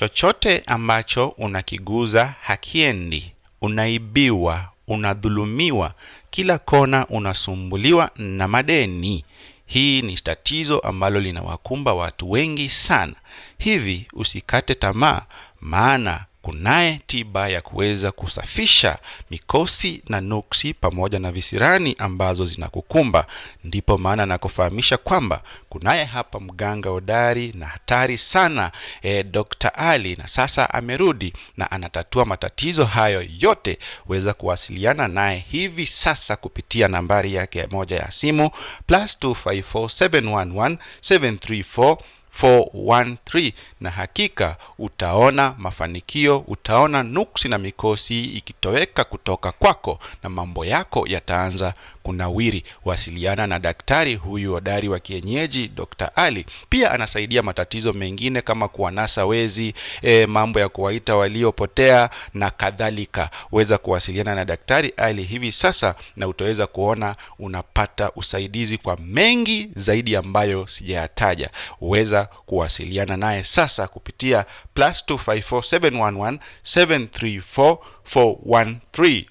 Chochote ambacho unakiguza hakiendi, unaibiwa, unadhulumiwa, kila kona unasumbuliwa na madeni. Hii ni tatizo ambalo linawakumba watu wengi sana. Hivi usikate tamaa, maana kunaye tiba ya kuweza kusafisha mikosi na nuksi pamoja na visirani ambazo zinakukumba. Ndipo maana nakufahamisha kwamba kunaye hapa mganga hodari na hatari sana e, eh, Dr. Ali, na sasa amerudi na anatatua matatizo hayo yote. Weza kuwasiliana naye hivi sasa kupitia nambari yake moja ya simu plus 413 na hakika utaona mafanikio, utaona nuksi na mikosi ikitoweka kutoka kwako na mambo yako yataanza kunawiri. Wasiliana na daktari huyu hodari wa kienyeji Dr. Ali. Pia anasaidia matatizo mengine kama kuwanasa wezi, e, mambo ya kuwaita waliopotea na kadhalika. Weza kuwasiliana na Daktari Ali hivi sasa na utaweza kuona unapata usaidizi kwa mengi zaidi ambayo sijayataja. Weza unaweza kuwasiliana naye sasa kupitia plus 254 711 734 413